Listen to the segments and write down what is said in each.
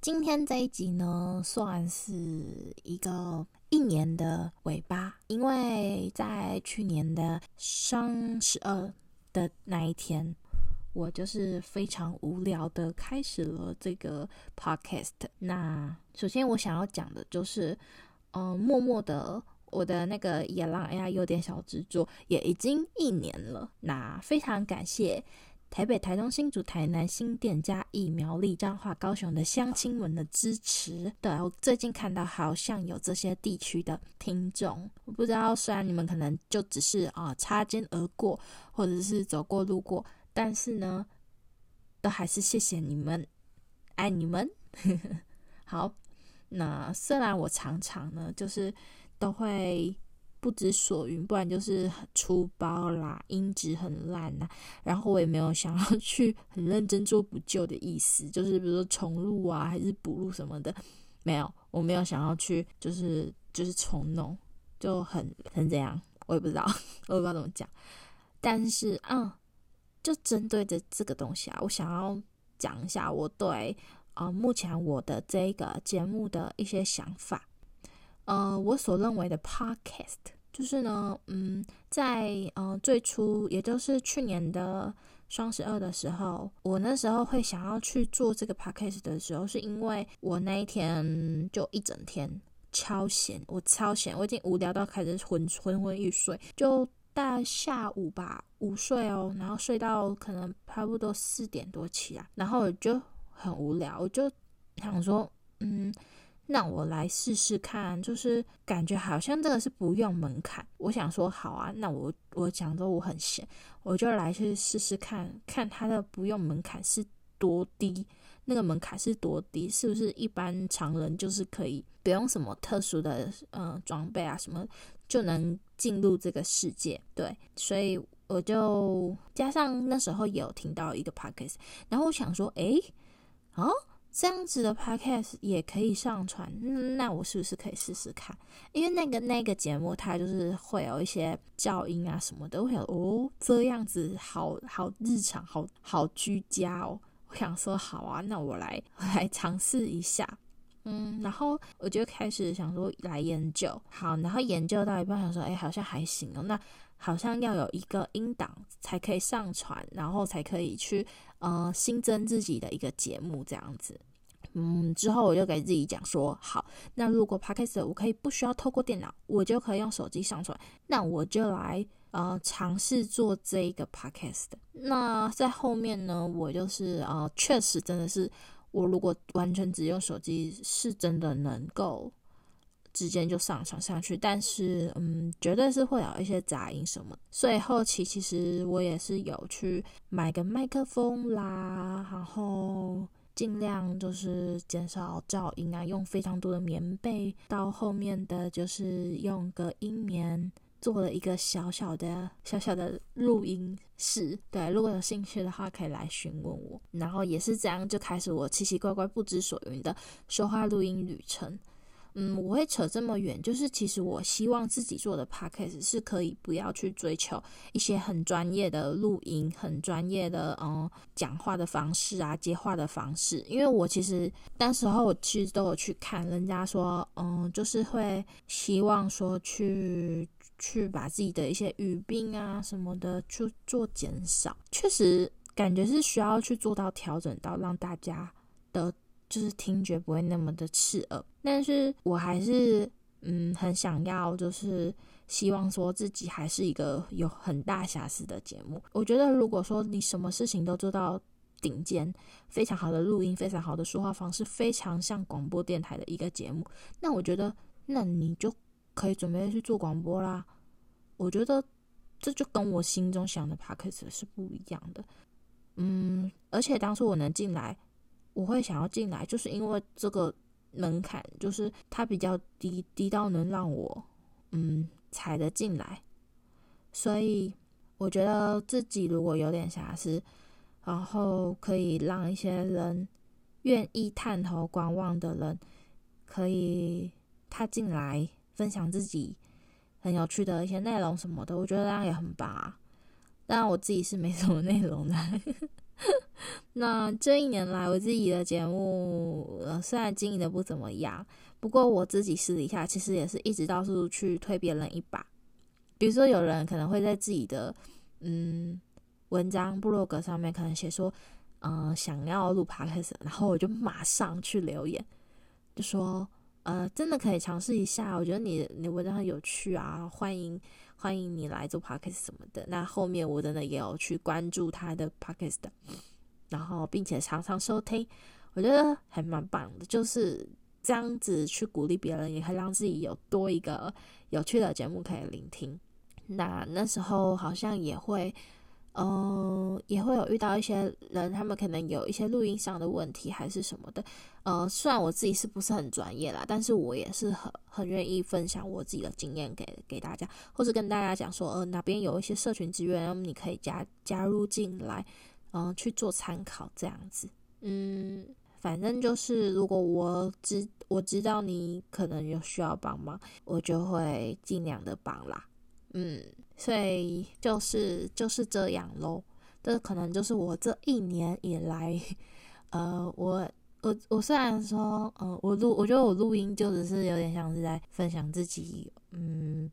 今天這一集呢，算是一個一年的尾巴，因為在去年的雙十二的那一天，我就是非常無聊的開始了這個 podcast。那首先我想要講的就是，嗯，默默的我的那個野狼呀有點小執着，也已經一年了，那非常感謝。台北、台中、新竹、台南、新店、嘉義、苗栗、彰化、高雄的鄉親們的支持。對，我最近看到好像有這些地區的聽眾，我不知道，雖然你們可能就只是啊、呃、擦肩而過，或者是走過路過，但是呢，都還是謝謝你們，愛你們。 好，那雖然我常常呢，就是都會。不知所云，不然就是出包啦，音質很爛吶。然後我也沒有想要去很認真做補救的意思，就是比如說重錄啊，還是補錄什麼的，沒有，我沒有想要去，就是就是重弄，就很很這樣，我也不知道，我也不知道怎麼講。但是，嗯，就針對着這個東西啊，我想要講一下我對啊、呃、目前我的這個節目的一些想法。呃，我所認為的 podcast 就是呢，嗯，在呃最初，也就是去年的雙十二的時候，我那時候會想要去做這個 podcast 的時候，是因為我那一天就一整天超閒，我超閒，我已經無聊到開始昏昏昏欲睡，就大下午吧午睡哦，然後睡到可能差不多四點多起來，然後我就很無聊，我就想說，嗯。那我來試試看，就是感覺好像這個是不用門檻。我想說，好啊，那我我講的我很閒，我就來去試試看，看它的不用門檻是多低，那個門檻是多低，是不是一般常人就是可以不用什麼特殊的嗯、呃、裝備啊什麼就能進入這個世界？對，所以我就加上那時候也有聽到一個 podcast，然後我想說，哎，哦。這樣子的 podcast 也可以上傳，嗯，那我是不是可以試試看？因為那個那個節目，它就是會有一些噪音啊，什麼都會。哦，這樣子好好日常，好好居家哦。我想說，好啊，那我來我來嘗試一下，嗯，然後我就開始想說來研究，好，然後研究到一半想說，哎，好像還行哦，那。好像要有一個音檔才可以上傳，然後才可以去呃新增自己的一個節目這樣子。嗯，之後我就給自己講說，好，那如果 Podcast 我可以不需要透過電腦，我就可以用手機上傳，那我就來呃嘗試做這一個 Podcast。那在後面呢，我就是呃確實真的是，我如果完全只用手機，是真的能夠。之間就上傳上去，但是嗯，絕對是會有一些雜音什麼，所以後期其實我也是有去買個麥克風啦，然後盡量就是減少噪音啊，用非常多的棉被，到後面的就是用隔音棉做了一個小小的小小的錄音室。對，如果有興趣的話，可以來詢問我。然後也是這樣，就開始我奇奇怪怪、不知所云的說話錄音旅程。嗯，我會扯這麼遠，就是其實我希望自己做的 podcast 是可以不要去追求一些很專業的錄音、很專業的嗯講話的方式啊、接話的方式，因為我其實那時候我其實都有去看人家說，嗯，就是會希望說去去把自己的一些語病啊什麼的去做減少，確實感覺是需要去做到調整到讓大家的。就是聽覺不會那麼的刺耳，但是我還是嗯很想要，就是希望說自己還是一個有很大瑕疵的節目。我覺得如果說你什麼事情都做到頂尖，非常好的錄音，非常好的說話方式，非常像廣播電台的一個節目，那我覺得那你就可以準備去做廣播啦。我覺得這就跟我心中想的 Podcast 是不一樣的。嗯，而且當初我能進來。我會想要進來，就是因為這個門檻，就是它比較低，低到能讓我，嗯，踩得進來。所以我覺得自己如果有點瑕疵，然後可以讓一些人願意探頭觀望的人，可以他進來分享自己很有趣的一些內容什麼的，我覺得這樣也很棒啊，但我自己是沒什麼內容的。 那這一年來，我自己的節目呃，雖然經營的不怎麼樣，不過我自己私底下其實也是一直到處去推別人一把。比如說，有人可能會在自己的嗯文章、部落格上面，可能寫說，嗯、呃，想要錄 podcast，然後我就馬上去留言，就說，呃，真的可以嘗試一下，我覺得你你文章很有趣啊，歡迎。歡迎你來做 Podcast 什麼的。那後面我真的也有去關注他的 Podcast 的，然後並且常常收聽，我覺得還蠻棒的。就是這樣子去鼓勵別人，也可以讓自己有多一個有趣的節目可以聆聽。那那時候好像也會。呃，也會有遇到一些人，他們可能有一些錄音上的問題還是什麼的。呃，雖然我自己是不是很專業啦，但是我也是很很願意分享我自己的經驗給給大家，或者跟大家講說，呃，哪邊有一些社群資源，那麼你可以加加入進來，嗯、呃，去做參考這樣子。嗯，反正就是如果我知我知道你可能有需要幫忙，我就會盡量的幫啦。嗯，所以就是就是這樣嘍。這可能就是我這一年以來，呃，我我我雖然說，呃，我錄我覺得我錄音就只是有點像是在分享自己，嗯，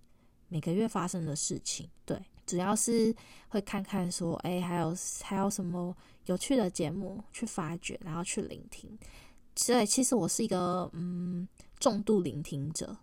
每個月發生的事情。對，主要是會看看說，哎、欸，還有還有什麼有趣的節目去發掘，然後去聆聽。所以其實我是一個嗯，重度聆聽者。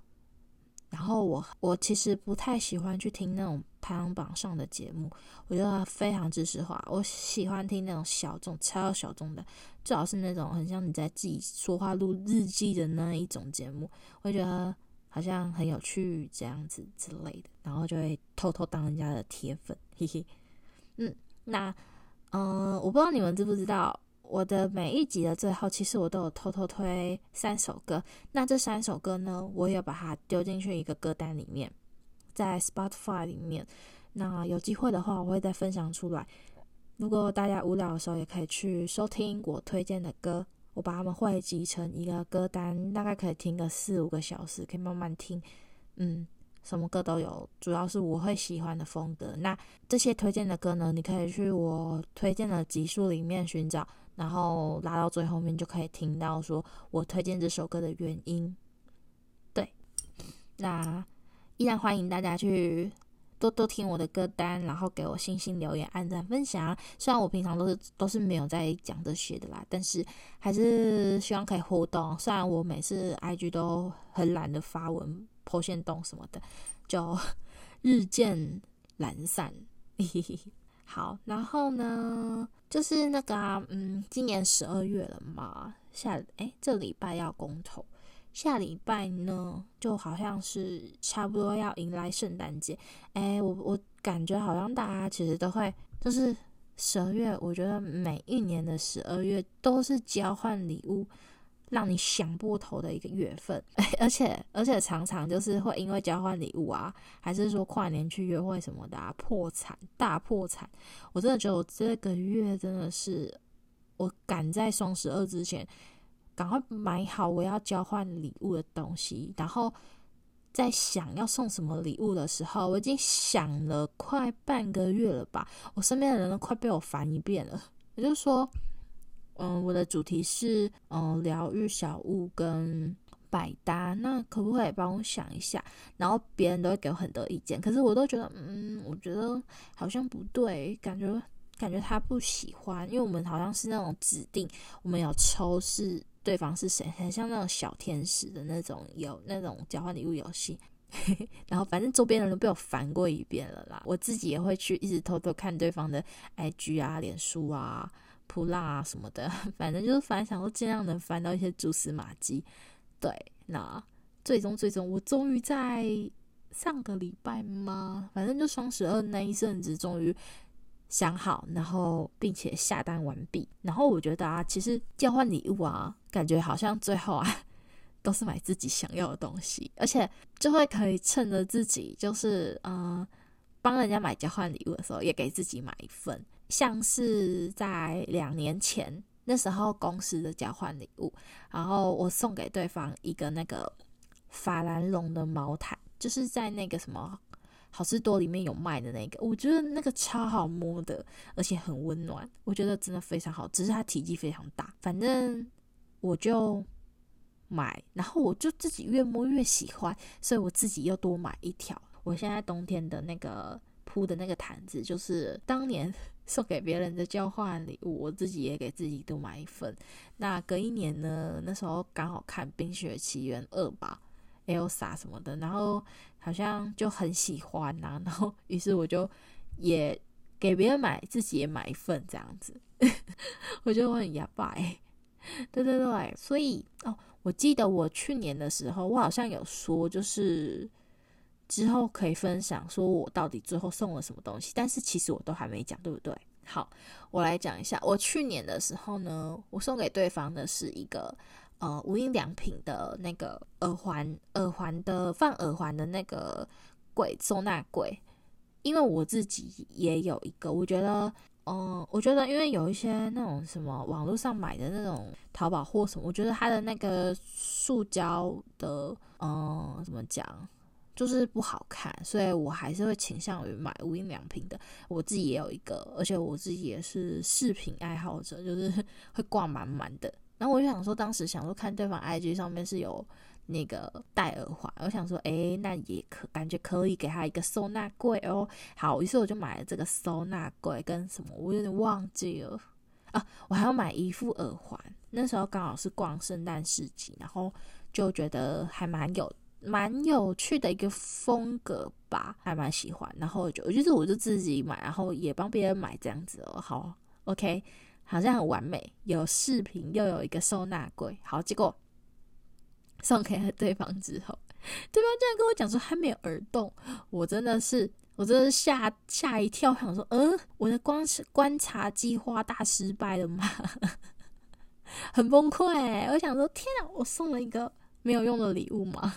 然後我我其實不太喜歡去聽那種排行榜上的節目，我覺得非常知識化。我喜歡聽那種小眾、超小眾的，最好是那種很像你在自己說話、錄日記的那一種節目，我覺得好像很有趣這樣子之類的。然後就會偷偷當人家的鐵粉，嘿嘿。嗯，那嗯，我不知道你們知不知道。我的每一集的最後，其實我都有偷偷推三首歌。那這三首歌呢，我有把它丟進去一個歌單裡面，在 Spotify 裡面。那有機會的話，我會再分享出來。如果大家無聊的時候，也可以去收聽我推薦的歌。我把它們匯集成一個歌單，大概可以聽個四五個小時，可以慢慢聽。嗯，什麼歌都有，主要是我會喜歡的風格。那這些推薦的歌呢，你可以去我推薦的集數裡面尋找。然後拉到最後面就可以聽到說我推薦這首歌的原因。對，那依然歡迎大家去多多聽我的歌單，然後給我星星留言、按讚、分享。雖然我平常都是都是沒有在講這些的啦，但是還是希望可以互動。雖然我每次 IG 都很懶得發文、拋限動什麼的，就日漸懶散。 好，然後呢？就是那個啊，嗯，今年十二月了嘛，下。誒，這禮拜要公投，下禮拜呢，就好像是差不多要迎來聖誕節。誒，我我感覺好像大家其實都會，就是十二月，我覺得每一年的十二月都是交換禮物。讓你想破頭的一個月份，而且而且常常就是會因為交換禮物啊，還是說跨年去約會什麼的啊，破產大破產。我真的覺得我這個月真的是，我趕在雙十二之前趕快買好我要交換禮物的東西，然後在想要送什麼禮物的時候，我已經想了快半個月了吧。我身邊的人都快被我煩一遍了，也就是說。嗯，我的主題是嗯，療癒小物跟百搭。那可不可以幫我想一下？然後別人都會給我很多意見，可是我都覺得，嗯，我覺得好像不對，感覺感覺他不喜歡，因為我們好像是那種指定，我們有抽是對方是誰，很像那種小天使的那種有那種交換禮物遊戲。嘿嘿，然後反正周邊人都被我煩過一遍了啦，我自己也會去一直偷偷看對方的 IG 啊、臉書啊。普浪啊什麼的，反正就是反正想說盡量能翻到一些蛛絲馬跡。對，那最終最終我終於在上個禮拜嘛，反正就雙十二那一陣子，終於想好，然後並且下單完畢。然後我覺得啊，其實交換禮物啊，感覺好像最後啊都是買自己想要的東西，而且就會可以趁着自己就是嗯幫人家買交換禮物的時候，也給自己買一份。像是在兩年前，那時候公司的交換禮物，然後我送給對方一個那個法蘭絨的毛毯，就是在那個什麼好市多裡面有賣的那個，我覺得那個超好摸的，而且很溫暖，我覺得真的非常好。只是它體積非常大，反正我就買，然後我就自己越摸越喜歡，所以我自己又多買一條。我現在冬天的那個鋪的那個毯子，就是當年。送給別人的交換禮物，我自己也給自己都買一份。那隔一年呢？那時候剛好看《冰雪奇緣二》吧，艾爾莎什麼的，然後好像就很喜歡吶、啊。然後，於是我就也給別人買，自己也買一份這樣子。 我覺得我很牙白， 對對對。所以哦，我記得我去年的時候，我好像有說就是。之後可以分享，說我到底最後送了什麼東西？但是其實我都還沒講，對不對？好，我來講一下。我去年的時候呢，我送給對方的是一個呃無印良品的那個耳環，耳環的放耳環的那個櫃，收納櫃，因為我自己也有一個。我覺得，嗯、呃，我覺得因為有一些那種什麼網絡上買的那種淘寶貨什麼，我覺得它的那個塑膠的，嗯、呃，怎麼講？就是不好看，所以我還是會傾向於買無印良品的。我自己也有一個，而且我自己也是飾品愛好者，就是會掛滿滿的。然後我就想說，當時想說看對方 IG 上面是有那個戴耳環，我想說，哎，那也可，感覺可以給他一個收納櫃哦。好，於是我就買了這個收納櫃跟什麼，我有點忘記了啊。我還要買一副耳環，那時候剛好是逛聖誕市集，然後就覺得還蠻有。蠻有趣的一個風格吧，還蠻喜歡。然後就，我就是我就自己買，然後也幫別人買這樣子哦。好，OK，好像很完美，有飾品，又有一個收納櫃。好，結果送給了對方之後，對方竟然跟我講說還沒有耳洞，我真的是，我真的是嚇嚇一跳，想說，嗯、呃，我的觀觀察計劃大失敗了嗎？ 很崩潰、欸，我想說，天哪，我送了一個。沒有用的禮物嗎？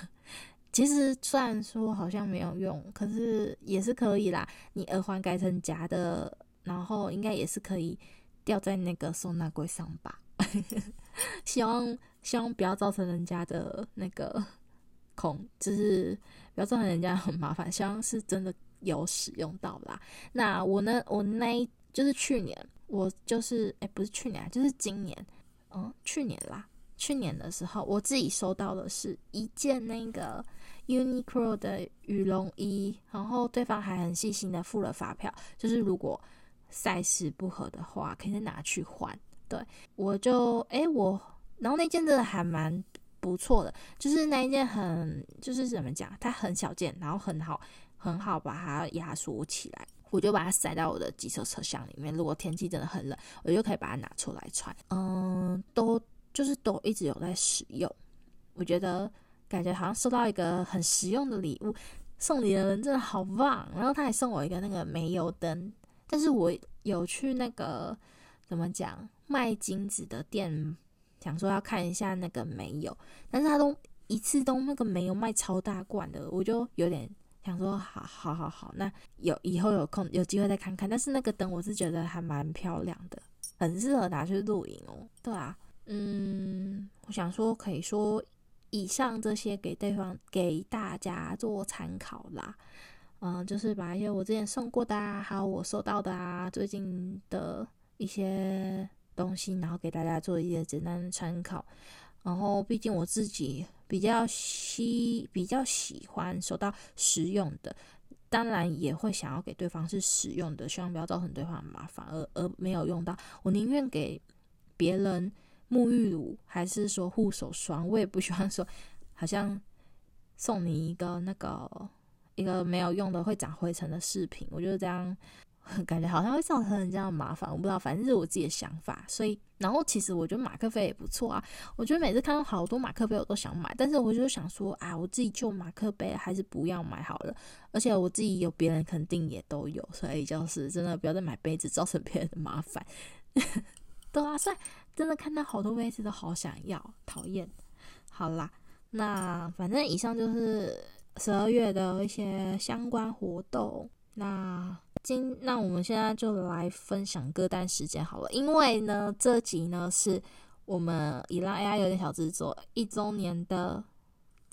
其實雖然說好像沒有用，可是也是可以啦。你耳環改成夾的，然後應該也是可以掉在那個收納櫃上吧？ 希望希望不要造成人家的那個恐，就是不要造成人家很麻煩。希望是真的有使用到啦。那我呢？我那一……就是去年，我就是……哎，不是去年，就是今年，嗯，去年啦。去年的時候，我自己收到的是一件那個 Uniqlo 的羽絨衣，然後對方還很細心的付了發票，就是如果 size 不合的話，可以再拿去換。對，我就哎、欸、我，然後那件真的還蠻不錯的，就是那一件很就是怎麼講，它很小件，然後很好很好把它壓縮起來，我就把它塞到我的機車車廂裡面。如果天氣真的很冷，我就可以把它拿出來穿。嗯，都。就是都一直有在使用，我覺得感覺好像收到一個很實用的禮物，送禮的人真的好棒。然後他還送我一個那個煤油燈，但是我有去那個怎麼講，賣金子的店，想說要看一下那個煤油，但是他都一次都那個煤油賣超大罐的，我就有點想說好好好好，那有以後有空有機會再看看。但是那個燈我是覺得還蠻漂亮的，很適合拿去露營哦。對啊。嗯，我想說，可以說以上這些給對方給大家做參考啦。嗯，就是把一些我之前送過的，啊，還有我收到的啊，最近的一些東西，然後給大家做一些簡單的參考。然後，畢竟我自己比較喜，比較喜歡收到實用的，當然也會想要給對方是實用的，希望不要造成對方麻煩。而而沒有用到，我寧願給別人。沐浴乳還是說護手霜，我也不喜歡說，好像送你一個那個一個沒有用的會長灰塵的飾品，我覺得這樣感覺好像會造成人家的麻煩，我不知道，反正是我自己的想法。所以，然後其實我覺得馬克杯也不錯啊，我覺得每次看到好多馬克杯，我都想買，但是我就想說，啊，我自己就馬克杯還是不要買好了，而且我自己有，別人肯定也都有，所以就是真的不要再買杯子，造成別人的麻煩。 都啊，算真的看到好多位置都好想要，討厭。好啦，那反正以上就是十二月的一些相關活動。那今那我們現在就來分享歌單時間好了，因為呢，這集呢是我們以拉 AI 有點小製作一周年的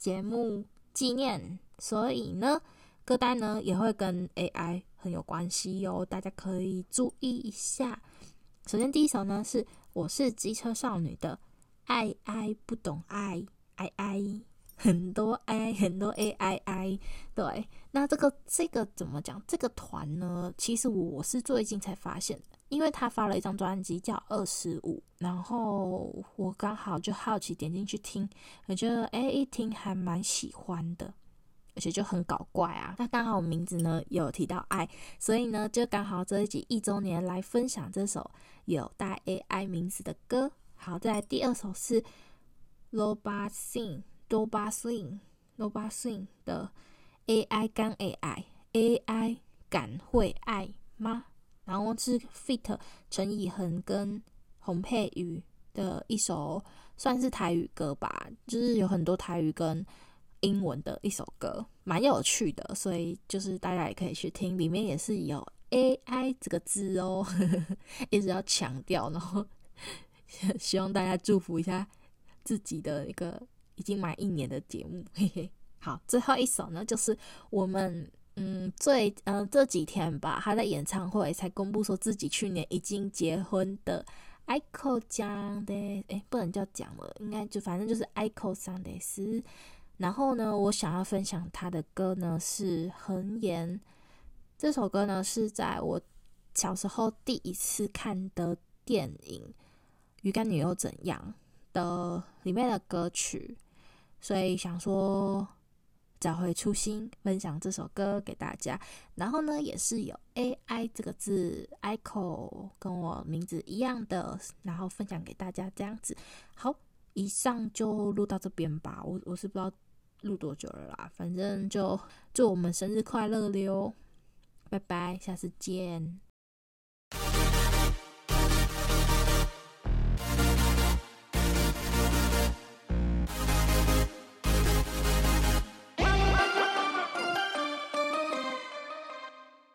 節目紀念，所以呢，歌單呢也會跟 AI 很有關係喲、哦，大家可以注意一下。首先第一首呢是我是機車少女的愛愛不懂愛，愛愛很多愛，很多愛愛，對。那這個這個怎麼講，這個團呢？其實我是最近才發現的，因為他發了一張專輯叫《二十五》，然後我剛好就好奇點進去聽，我覺得哎一聽還蠻喜歡的。其實就很搞怪啊！那剛好我名字呢有提到愛，所以呢就剛好這一集一周年來分享這首有帶 AI 名字的歌。好，再來第二首是 Robot Swing、Robot Swing、Robot Swing 的 AI 敢 AI，AI 敢會愛嗎？然後是 feat. 陳以恆跟洪佩瑜的一首，算是台語歌吧，就是有很多台語跟。英文的一首歌，蠻有趣的，所以就是大家也可以去聽。裡面也是有 AI 這個字哦，呵呵一直要強調。然後希望大家祝福一下自己的一個已經滿一年的節目，嘿嘿。好，最後一首呢，就是我們嗯最嗯、呃、這幾天吧，他的演唱會才公布說自己去年已經結婚的。aiko 講的，誒，不能叫講了，應該就反正就是 aiko Sunday 是。然後呢，我想要分享他的歌呢是《橫顏》這首歌呢是在我小時候第一次看的電影《魚乾女又怎樣》的裡面的歌曲，所以想說找回初心，分享這首歌給大家。然後呢，也是有 AI 這個字，aiko 跟我名字一樣的，然後分享給大家這樣子。好，以上就錄到這邊吧。我我是不知道。錄多久了啦？反正就祝我們生日快樂了喲，拜拜，下次見。